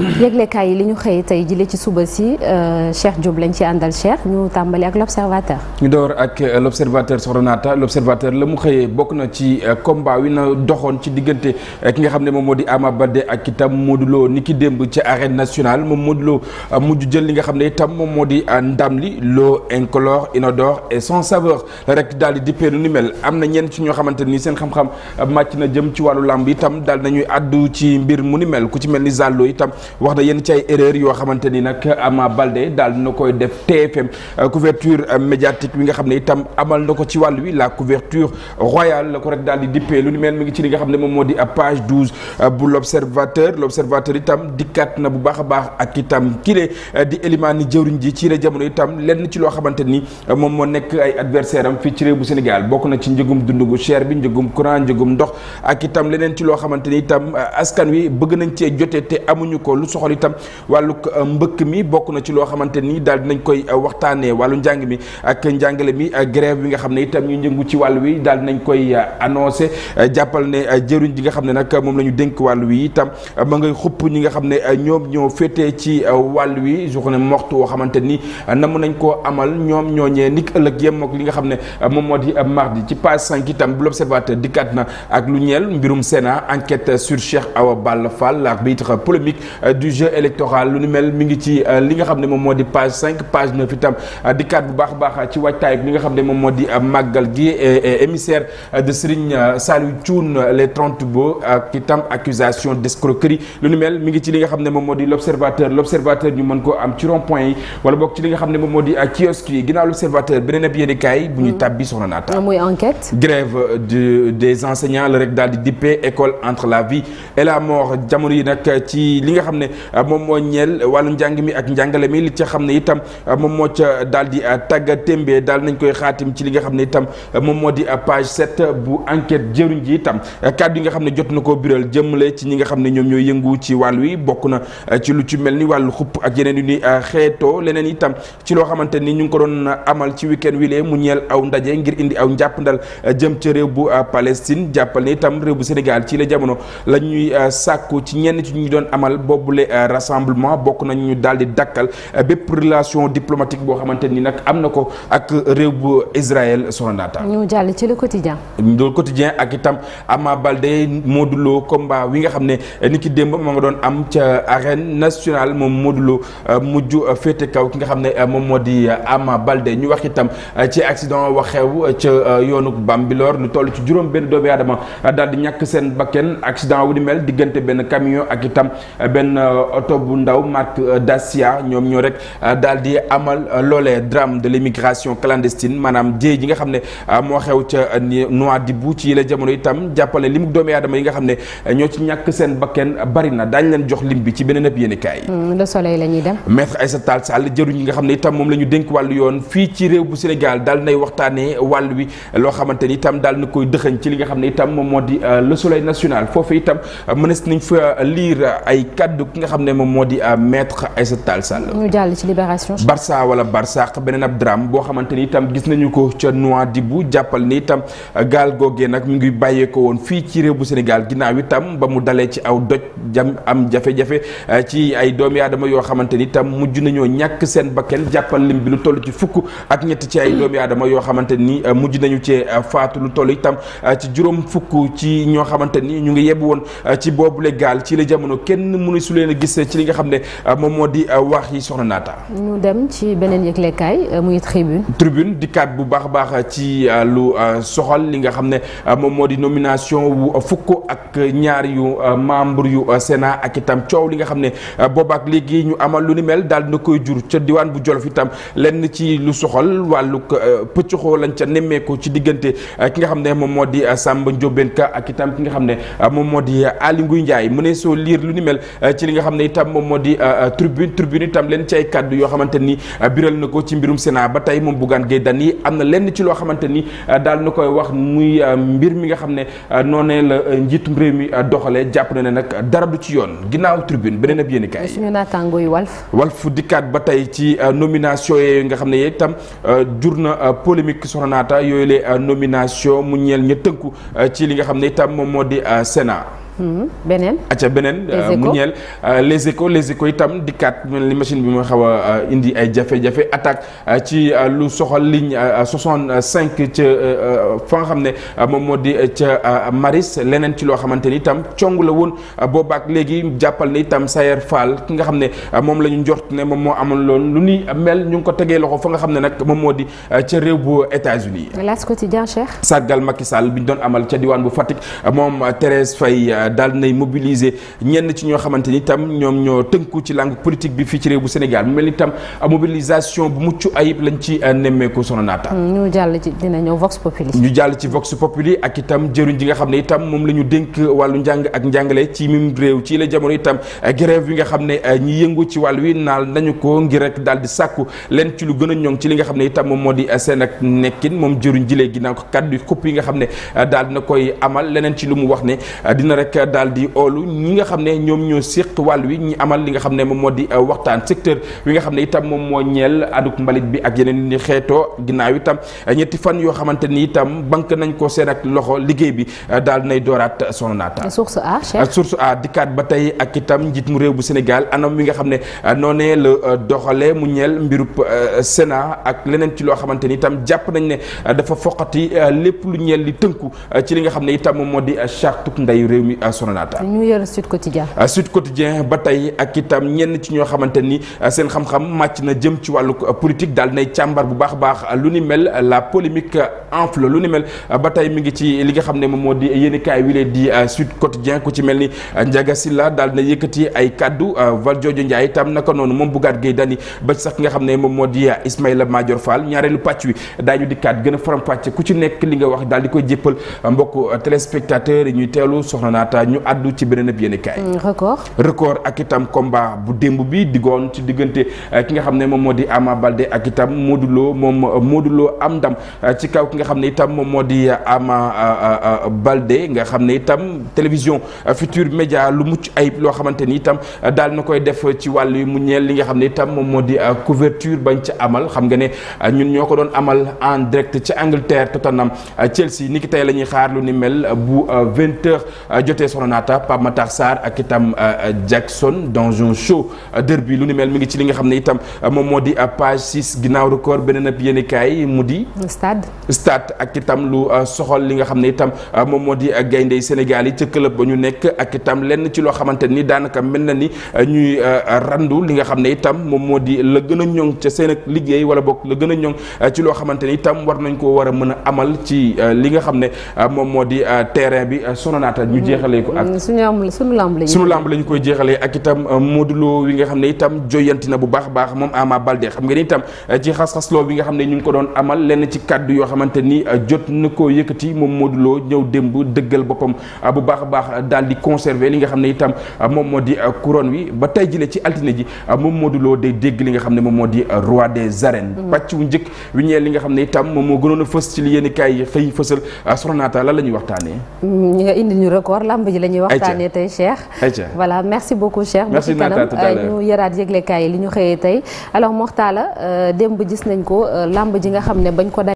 yëglekaay yi li ñu xëy tey jile ci suba si euh, Cheikh Diop lañ ci àndal Cheikh ñu tàmbali ak l'observateur ñu door ak euh, l'observateur soxna Naata l'observateur la mu xëyee bokk na ci euh, combat wi na doxoon ci diggante ki nga xam ne moom moo di Ama Baldé ak itam Modou Lo ni ki démb ci arène national moom Modou Lo mujj jël li nga xam ne itam moom moo di ndam li loo incolore inodore et sans saveur rek daal di dippee nu ni mel am na ñenn ci ñoo xamante ni seen xam-xam màcc na jëm ci wàllu làmb itam daal nañuy àddu ci mbir mu ni mel ku ci mel ni Zallo itam wax na yenn ci ay erreur yoo xamante ni nag Ama Baldé daal dina koy def TFM euh, couverture euh, médiatique bi nga xam ne itam amal na ko ci wàll wi la couverture royale la ko rek daal di dippee lu ni mel mu ngi ci li nga xam ne moom moo di euh, page douze bu l'observateur l'observateur itam dikkaat na bu baax a baax ak itam kile di Elimani jëwriñ ji ci la jamono itam lenn ci loo xamante ni moom moo nekk ay adversaire am fii ci réew bu Sénégal bokk na ci njëgum dund gu cher bi njëgum courant njëgum ndox ak leneen ci loo xamante ni itam askan wi bëgg nañ cee jotee te amuñu ko lu soxal itam wàllug euh, mbëkk mi bokk na ci loo xamante nii daal nañ koy euh, waxtaanee wàllu njàng mi ak njàngale mi euh, grève bi nga xam ne itam ñu njëngu ci wàll wi daal dinañ koy annoncé jàppal ne jëriñ ji nga xam ne nag moom la ñu dénk wàll wi itam ma ngay xupp ñi nga xam ne ñoom ñoo féetee ci wàll wi journée morte woo xamante ni namm nañ ko amal ñoom ñooñee nik ëllëg yem ak li nga xam ne moom moo di mardi ci page 5 itam bu l'observateur dikkaat na ak lu ñeel mbirum Sénat enquête sur Cheikh Awa Balla Fall ak bi polémique Euh, du jeu électoral lu nu mel mi ngi ci euh, li nga xam ne moom di page page itam euh, dikkaat bu baax baax ci waajtaay li nga xam ne moom di màggal gi émissaire de Serigne Saliou Thioune les trente beaux ak itam accusation d'escroquerie lu nu mel mi ngi ci li nga xam ne moom moo di l'observateur l'observateur ñu mën ko am ci rond yi wala boog ci li nga xam ne moom moo di kiosque yi ginnaaw l'observateur beneen ab yéenekaay bu ñuy mm-hmm. tàbbi soxna naata muy grève de des enseignants la rek daal di dippee école entre la la mort xam ne euh, moom moo ñeel wàllu njàng mi ak njàngale mi li ca xam ne itam euh, moom moo ca daal di euh, tàgga daal nañ koy xaatim ci li nga xam ne itam moom moo di page sept bu enquête jëriñ ji itam kàddu yi nga xam ne jot na ko koo jëmm lee ci ñi nga xam ne ñoom ñooy yëngu ci wàll wi bokk na ci lu ci mel ni wàllu xupp ak yeneen yu ni xeetoo leneen itam ci loo xamante ni ñu ngi ko doon amal ci week-end wi lee mu ñeel aw ndaje ngir indi aw njàppandal jëm ca réew bu Palestine jàppal ne itam réew bu Sénégal ci la jamono la sàkku ci ñenn ci ñu doon amal boobu boobule euh, rassemblement bokk nañu ñu daal di dakkal euh, bépp relation diplomatique boo xamante ni nag am na ko ak réew bu Israël soxnaata. ñu jàll ci le quotidien. le quotidien ak itam Ama Baldé Modou Lo combat wi nga xam ne euh, ni ki démb moo nga doon am ca arène nationale moom Modou Lo mujj féete kaw ki nga xam ne moom moo di Ama Baldé ñu wax itam ci accident xew ca yoonu Bambilor lu toll ci juróom benn doomi aadama daal di ñàkk seen bakken benn euh, oto bu ndaw marque euh, Dacia ñoom ñoo rek euh, daal di amal loolee drame de l'immigration clandestine maanaam jéey ji nga ne moo xew ca Nouadhibou ci yi nga xam ne na daañu leen jox lim bi ci beneen ab yéenekaay yi. Mm, Le Soleil la ñuy dem. maître Aïssata Tall Sall jëruñ yi nga xam ne itam moom la ñu dénk wàllu yoon fii ci réew bu Sénégal daal nay waxtaanee wàll wi loo xamante ni itam daal na koy dëxëñ ci li nga xam ne itam moom moo di Soleil national foofu itam mënees nañ fa lire ay kaddu kaddu ki nga xam ne moom moo di euh, maître Aïssata Tall Sall. ñu jàll ci libération. beneen ab drame boo xamante ni itam gis nañu ko ca Nouadhibou jàppal ni itam gaal googee nag mu ngi bàyyeekoo woon fii ci réew bu Sénégal ginnaaw itam ba mu dalee ci aw doj jam am jafe-jafe euh, ci ay doom aadama yoo xamante ni itam mujj nañoo ñàkk seen bakkan jàppal lim bi lu toll ci fukk ak ñetti ci ay doomi yoo xamante nii euh, mujj nañu cee faatu lu toll itam ci juróom fukk ci ñoo xamante ni ñu ngi yeb woon ci boobule gaal ci la jamono kenn mënu su leen a gis ci li nga xam ne euh, moom moo di euh, wax yi soxna naata ñu dem ci beneen yëglekaay euh, muy tribune tribune di kat bu baax baax ci lu soxal li nga xam ne moom moo di nomination wu fukk ak ñaar yu membre yu Sénat ak itam coow li nga xam ne boobaak léegi ñu amal lu ni mel daal na koy jur ca diwaan bu Jolof itam lenn ci lu soxal wàllug pëccxoo lañ ca nemmeeku ci diggante ki nga xam ne moom moo di Samba Ndiobène Ka ak itam ki nga xam ne moom moo di Aly Ngouille ci li nga xam ne itam moom moo di euh, euh, tribune tribune itam leen ci ay kàddu yoo xamante ni euh, biral na ko ci mbirum Sénat ba tey moom Bougane Gueye Dany am na lenn ci loo xamante ni daal na koy wax muy mbir mi nga xam ne noonee la njiitum réew mi doxalee jàpp na nag dara du ci yoon ginnaaw tribune beneen ab yéenekaay suñu naataangoo yi Walf Walf dikkaat ba tey ci nomination yooyu nga xam ne itam jur na polémique soxna naata yooyu la nomination tënku ci li nga xam ne itam moom moo di Sénat Hmm, beneen acca beneen euh, mu ñeel euh, les échos les échos itam dikkaat mel ni machine bi ma xaw a euh, indi ay jafe-jafe attaque ci lu soxal ligne 65 ca fa nga xam ne moom moo di ca Maris leneen ci loo xamante ni itam cong la woon boobaak léegi jàppal ni itam Sayer Fall ki nga xam ne moom la ñu njort ne moom moo amoon loolu lu ni mel ñu ngi ko tegee loxo fa nga xam ne nag moom moo di ca réew bu États-Unis Las Quotidien Cheikh bi ñu doon amal ca diwaan bu Fatick moom Thérèse Faye daal nay mobiliser ñenn ci ñoo xamante ni tam ñoom ñoo tënku ci langue politique bi fii ci réew bu Sénégal mu mel ni tam mobilisation bu mucc ayib lañ ci euh, nemmeeku sono naata mm, ñu jàll ci dina Vox Populi ñu jàll ci Vox Populi ak itam jëriñ ji nga xam ne itam moom la ñu dénk wàllu njàng ak njàngale ci mim réew ci la jamono itam euh, grève yi nga xam ne euh, ñi yëngu ci wàll wi naal nañu ko ngir rek daal di sàkku leen ci lu gën a ñoŋ ci li nga xam ne itam moom moo di seen ak nekkin moom jëriñ jilee ginnaaw ko kàddu xupp yi nga xam ne daal dina koy amal leneen ci lu mu wax ne rek daal di oolu ñi nga xam ne ñoom ñoo séq wàll wi ñu amal li nga xam ne moom moo di euh, waxtaan secteur wi nga xam ne itam moom moo ñeel aduk mbalit bi ak yeneen ni xeetoo ginnaaw itam euh, ñetti fan yoo xamante ni itam banque nañ ko seen ak loxo liggéey bi euh, daal nay dooraat son naata source a source a dikkaat ba tey ak njiit mu réew bu Sénégal anam wi nga xam ne noonee la doxale mu ñeel mbirub Sénat ak leneen ci loo xamante ni itam jàpp nañ ne dafa foqati lépp lu ñeel li tënku ci li nga xam ne itam moom moo di chartuk ndeyu réew mi Sonatel. ñu yor Sud Quotidien. Sud Quotidien ba tey ak itam ñenn ci ñoo xamante ni euh, seen xam-xam màcc na jëm ci wàllu euh, politique daal nay càmbar bu baax a baax euh, lu ni mel la polémique enfle lu ni mel ba tey mi ngi ci li nga xam ne moom moo di yéenekaay wi leen di Sud Quotidien ku ci mel ni Ndiaga Sylla daal na yëkkati ay kaddu Valdiodio Ndiaye itam naka noonu moom Bougane Gueye Dany ba sax ki nga xam ne moom moo di Ismaïla Madior Fall ñaareelu pàcc wi daañu di kaddu gën a faram ku ci nekk li nga wax daal di koy jéppal mbokk téléspectateurs yi ñuy teelu soxna naat laata ñu àddu ci beneen ab yéenekaay mm, record record ak itam combat bu démb bi diggoon ci diggante euh, ki nga xam ne moom moo di Ama balde ak itam Modou Lo moom euh, Modou Lo am ndam euh, ci kaw ki nga xam ne itam moom moo di Ama Baldé nga xam ne itam télévision future Médias lu mucc ayib loo xamante ni itam daal na koy def ci wàll yi mu ñeel li nga xam ne itam moom moo di couverture bañ ca amal xam nga ne ñun ñoo ko doon amal en direct ci Angleterre Tottenham Chelsea ni ki tey la xaar lu ni mel bu 20 jot diggante Soxna Naata Pape Matar Sarr ak itam euh, euh, Jackson Donjon Show euh, derby lu ni mel mi ngi ci li nga xam ne itam moom moo di page 6 ginnaaw record beneen ab yéenekaay mu di. stade stade ak itam lu soxol li nga xam ne itam moom moo di gayndey Sénégal yi ca club ba ñu nekk ak itam lenn ci loo xamante ni daanaka mel na ni ñuy randu li nga xam ne itam moom moo di la gën a ñoŋ ca seen ak liggéey wala bokk la gën a ñoŋ ci loo xamante ni itam war nañ koo war a mën a amal ci li nga xam ne moom moo di terrain bi Soxna Naata ñu mm-hmm. jeexal. jeexalee ko lañu. Mm, suñu lamb lañu koy jeexalee ak itam euh, Modou Lo wi nga xam ne itam joyanti na bu baax a baax moom Ama Balde xam nga ni itam euh, ci xas-xasloo nga xam ne ñu ngi ko doon amal lenn ci kàddu yoo xamante ni euh, jot na koo yëkkati moom Modou Lo ñëw démb dëggal boppam bu baax a baax daal di conserver li nga xam ne itam moom moo di couronne wi ba tey jile ci altine ji moom Modou Lo day li nga xam ne moom moo di roi des arènes. Mm. pàcc wu njëkk wi ñeel li nga xam ne itam moom moo gënoon a fës ci li yéen kaay xëy fësal soxnaata lan la ñuy waxtaanee. Mm, lamb ji la ñuy waxtaanee tey Cheikh voilà merci beaucoup Cheikh bu ci kanam euh, ñu yëraat yëglekaay yi li ñu xëyee tey alors Moxtaala euh, démb gis nañ ko euh, lamb ji nga xam ne bañ ko